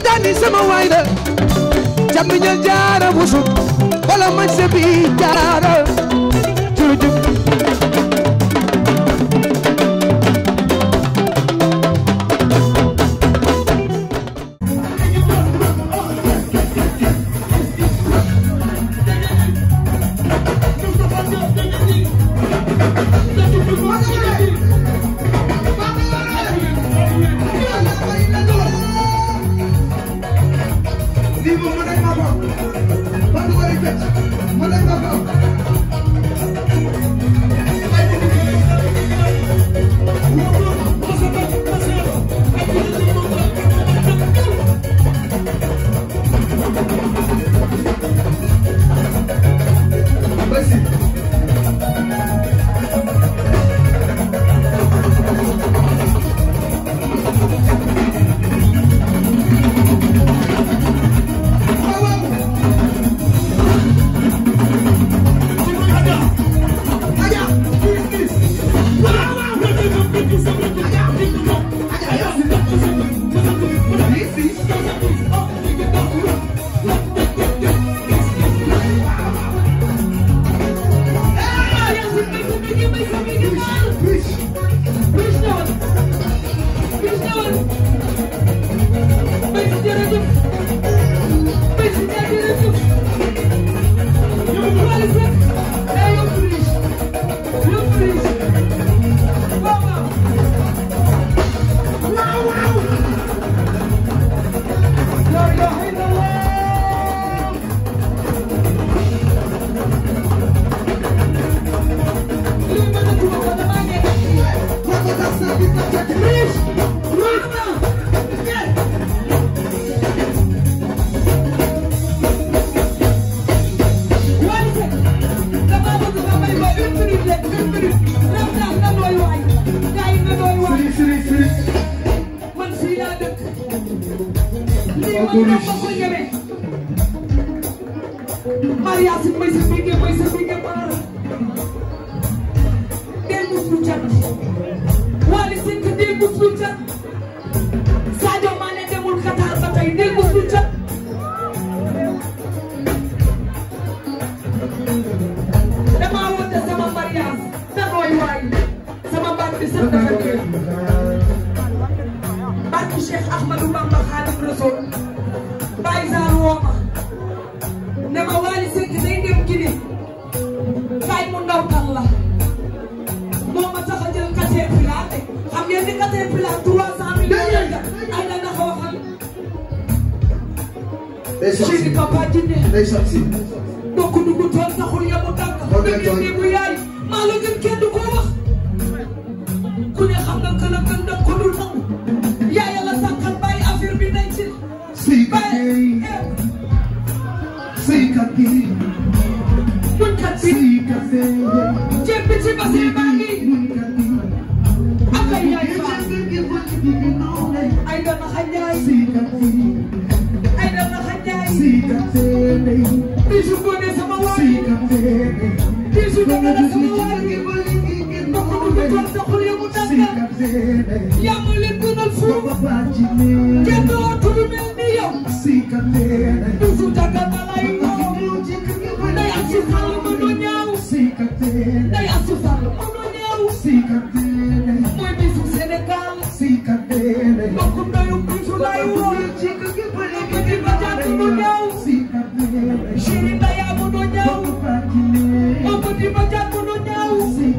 tijani sama waay la jàmm ñal jaara busuk wala man se bi jaara Autorite. Maria si mooy sa béykat mooy sa béykat maanaam. déggu Fouta. Wally Seck déggu Fouta. Sadio Mané demul Qatar ba tey déggu Fouta. damaa woote sama mariage na nooy waay sama baat bi sax dafa kër. barke Cheikh Ahmadou Bamba Rasoul Baye Sarr woo ma ne ma Wally Seck day dem Guinée kaay mu ndawtal la moo ma tax a jël caterpillar de xam ngeen ni caterpillar trois cent mille ay na dafa waxal ci di papa jinne dokk dugg tool taxul yamu dàgg dëgg ni bu yaay maa la gën kenn du ko wax ku ne xam nga kanam kan daf ko dul ceeb bi ci bassin baa ngi ak ay yaay faal ay dama xajaay ay dama xajaay di su gone sama waay di su gone sama waay ndox mu dugal doxul ya mu tàngal yaa ma leen gënal fuuf kenn dootul mel ni yow di su tàngal balay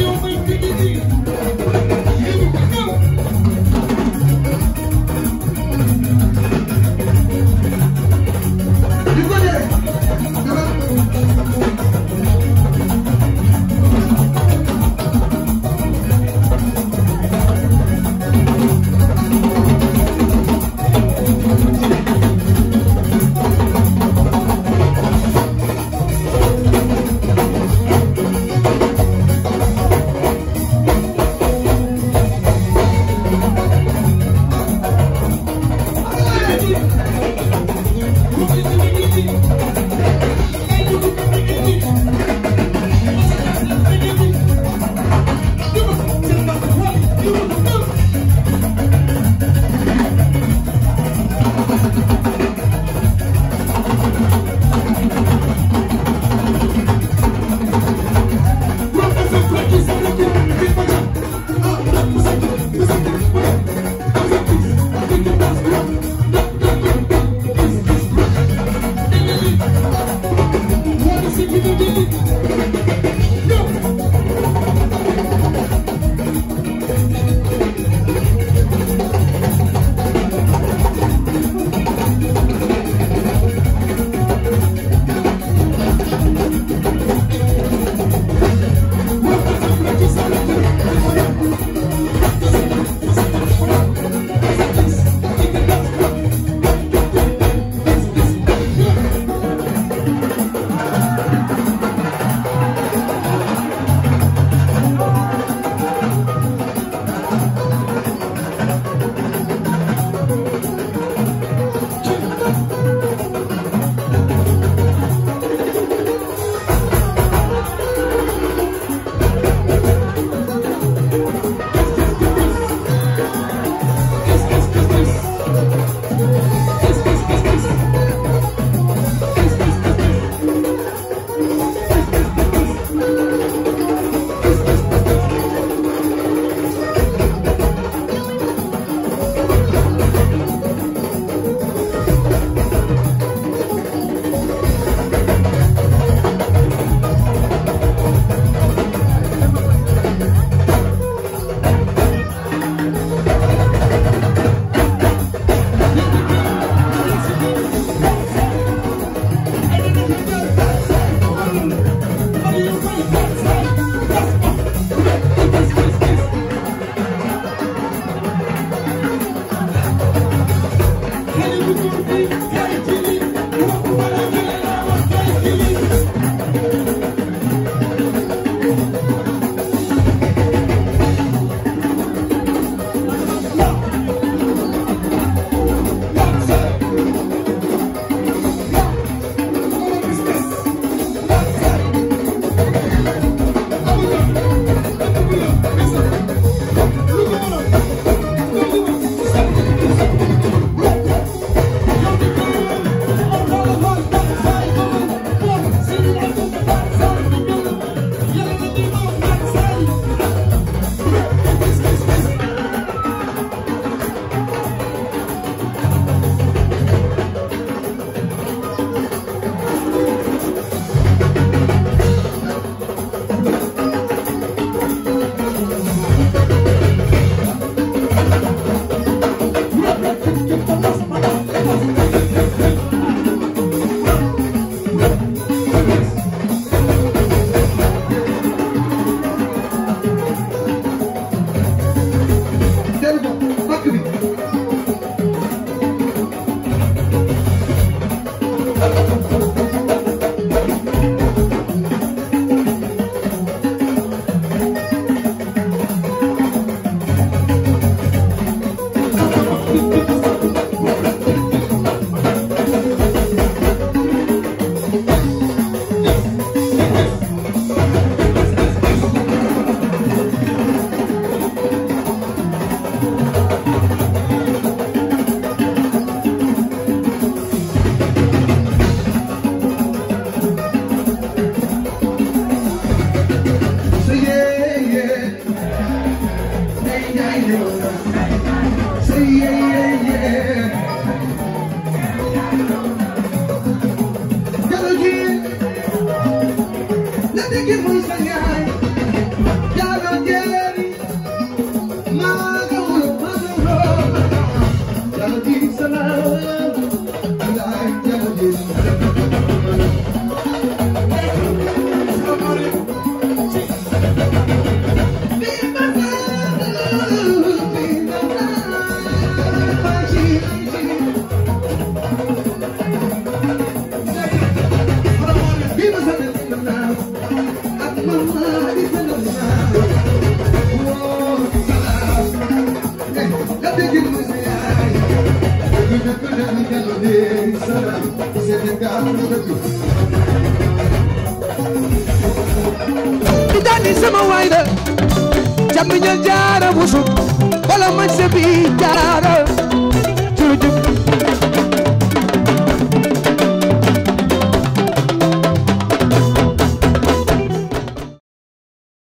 you. Tijani sama waay la jàmm ñal jaara busu wala ma se bi jaara